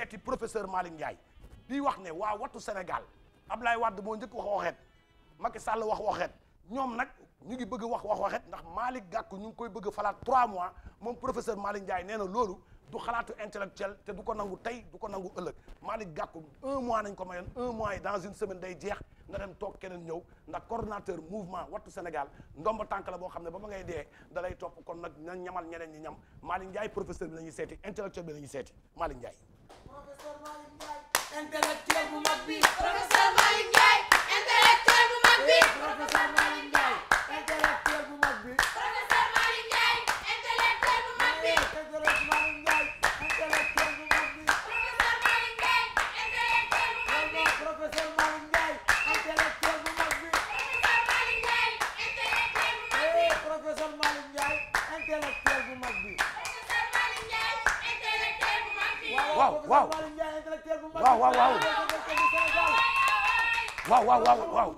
seeti professeur Malick Ndiaye di wax ne waa wattu Sénégal Ablaye Wade moo njëkk wax waxeet Macky Sall wax waxeet ñoom nag ñu ngi bëgg wax wax waxeet ndax Malick Gakou ñu ngi koy bëgg falaat trois mois moom professeur Malick Ndiaye nee na loolu du xalaatu intellectuel te du ko nangu tey du ko nangu ëllëg Malick Gakou un mois nañ ko mayoon un mois dans une semaine day jeex nga dem toog keneen ñëw ndax coordonnateur mouvement wattu Sénégal ndomba tànk la boo xam ne ba ma ngay dee da lay topp kon nag na ñamal ñeneen ñi ñam Malick Ndiaye professeur la ñuy seeti intellectuel la ñuy seeti Malick professeur Malick Ndiaye intellectuel bu mag bi professeur Malick Ndiaye intellectuel bu mag bi professeur Malick Ndiaye intellectuel bu mag bi professeur Malick Ndiaye intellectuel bu mag bi professeur Malick Ndiaye intellectuel bu mag bi professeur Malick Ndiaye intellectuel bu mag bi professeur Malick Ndiaye intellectuel bu mag bi professeur Malick Ndiaye intellectuel bu mag bi waaw waaw waaw waaw waaw waaw waaw waaw waaw.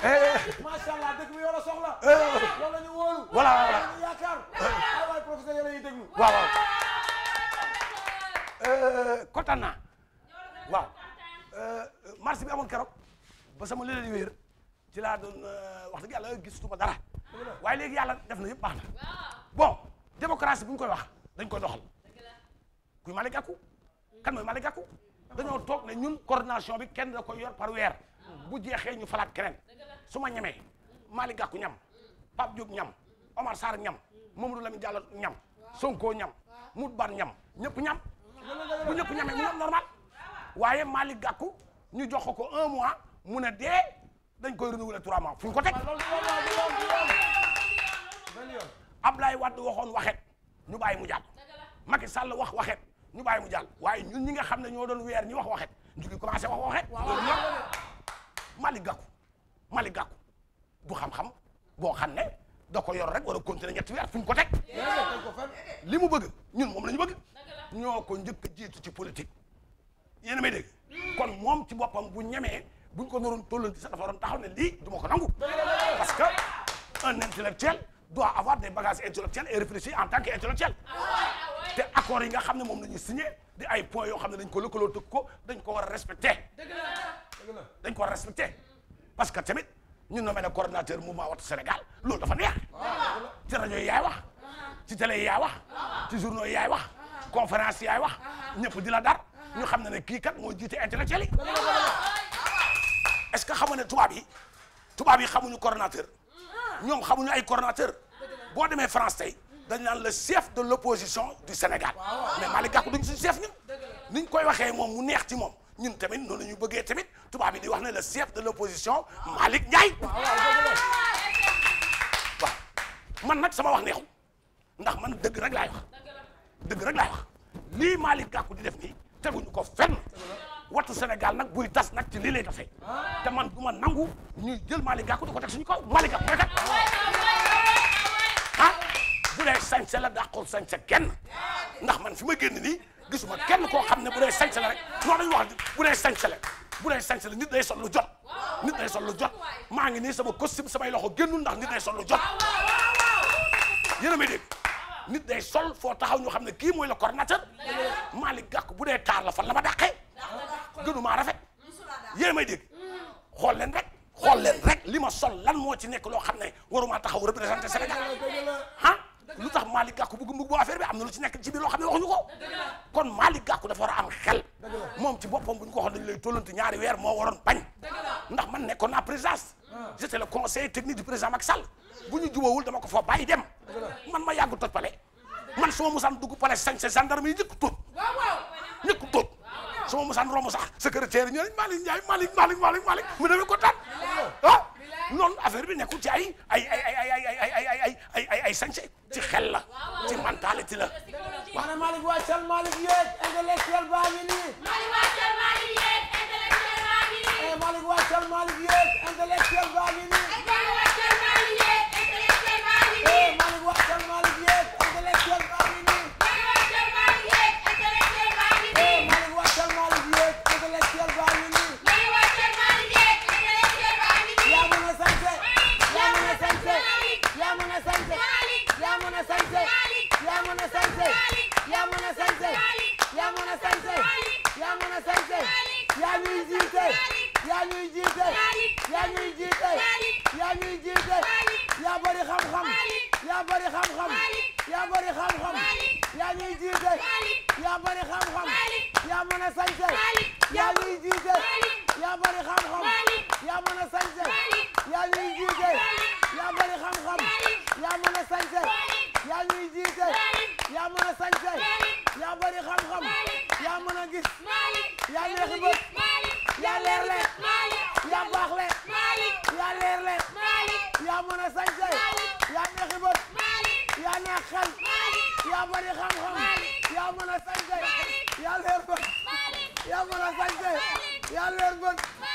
Eh, eh, eh. macha allah dëkk bi yow la soxla. yow la ñu wóolu. voilà voilà. yow la ñu yaakaar. waaw professeur yow la ñuy déglu. waaw waaw. kontaan naa. waaw. marché bi amoon keroog ba sama léeg di wéer ci laa doon wax dëgg yàlla gisatuma dara. waaye léegi yàlla def na yëpp baax na. bon démocratie bu ñu koy wax dañ koy doxal. kuy Malick Gakou. kan mooy Malick Gakou dañoo toog ne ñun coordination bi kenn da koy yor par weer bu jeexee ñu falaat keneen su ma ñemee Malick Gakou ñam Pape Diop ñam Omar Sarr ñam Mamadou Lamine Diallo ñam Sonko ñam Mout Bar ñam ñëpp ñam bu ñëpp ñamee mu ñam normal waaye Malick Gakou ñu jox ko un mois mu ne dee dañ koy renouveler trois mois fu ñu ko teg Ablaye Wade waxoon waxet ñu bàyyi mu jàpp Macky Sall wax waxet ñu bàyyi mu jàll waaye ñun ñi nga xam ne ñoo doon weer ñi wax waxet ñu ngi commencé wax waxet Malick Gakou Malick Gakou du xam-xam boo xam ne da ko yor rek war a continuer ñetti weer fu ko teg li mu bëgg ñun moom la ñu bëgg ñoo ko njëkk a jiitu ci politique yéen a may dégg kon moom ci boppam bu ñemee buñ ko naroon tollanti sa dafa waroon taxaw ne lii du ma ko nangu parce que un intellectuel doit avoir des bagages intellectuels et réfléchir en tant qu'intellectuel te accords yi nga xam ne moom na ñu signé di ay points yoo xam ne dañ ko lëkkaloo tëgg ko dañ ko war a respecté. dëgg la dañ ko war a respecté parce que tamit ñu nommé na coordinateur mouvement Wattu Sénégal loolu dafa neex. ci rajo yi yaay wax. ci télé yi wax. ci journaux yi yaay wax. conférence yi yaay wax. ñëpp di la dar ñu xam ne ne kii kat moo jiite intellectuel yi. est-ce que xam nga ne tubaab yi tubaab yi xamuñu coordinateur ah. ñoom xamuñu ay coordinateur boo demee France tey. dañ naan le chef de l'opposition du Sénégal mais Malick Gakou duñ suñu chef ñun niñ koy waxee moom mu neex ci moom ñun tamit noonu la ñu bëggee tamit tubaab bi di wax ne le chef de l'opposition Malick Ndiaye waaw man nag sama wax neexu ndax man dëgg rek laay wax dëgg rek laay wax lii Malick Gakou di def nii teguñu ko fenn watu Sénégal nag buy tas nag ci lii lay tasee ah. te man du ma nangu ñuy jël Malick Gakou di ko teg suñu kaw Malick Gakou bu dee sañse la dàqul sañse kenn ndax man fi ma génn nii gisuma kenn koo xam ne bu dee sañse la rek loolu lañu wax bu dee sañse la bu dee sañse la nit day sol lu jot nit day sol lu jot maa ngi nii sama costume samay loxo génnul ndax nit day sol lu jot yéen a may dégg nit day sol foo taxaw ñu xam ne kii mooy le coordinateur Malick Gakou bu dee taar la fan la ma dàqee gënu maa rafet yéen ma may dégg xool leen rek xool leen rek li ma sol lan moo ci nekk loo xam ne waruma taxaw représenté Sénégal lu tax Malick Gakou bëgg mbëgg bu affaire bi am na lu nekk ci biir loo xam ne ko kon Malick Gakou dafa war am xel moom ci boppam bu ñu ko waxoon dañu lay tollanti ñaari weer moo waroon bañ ndax man nekkoon naa présidence j'étais le conseiller technique du président Macky Sall bu ñu jubawul dama ko fa bàyyi dem man ma yàggu toj pale man suma musaan dugg pale sañ sa gendarme yi ñëkk tóot ñëkk tóot suma musaan romb sax secrétaire ñoo Malick Ndiaye Malick Malick Malick Malick mu demee kontaan ah, nekkul ci ay xarit la. mana Malick wàccal Malick yeeg intellectuel baa ngi nii. Malick wàccal Malick yeeg intellectuel baa ngi nii. Eh, Malick wàccal Malick yeeg intellectuel baa ngi nii. jiite yaa bari xam-xam yaa bari xam-xam yaa bari xam-xam yaa ñuy jiite yaa bari xam-xam yaa mën a sañse yaa ñuy jiite xam-xam yaa mën a gis yaa neex bët yaa leer le yaa baax le yaa leer le yaa mën a sañse bari xam-xam yaa mën a sañse yaa leer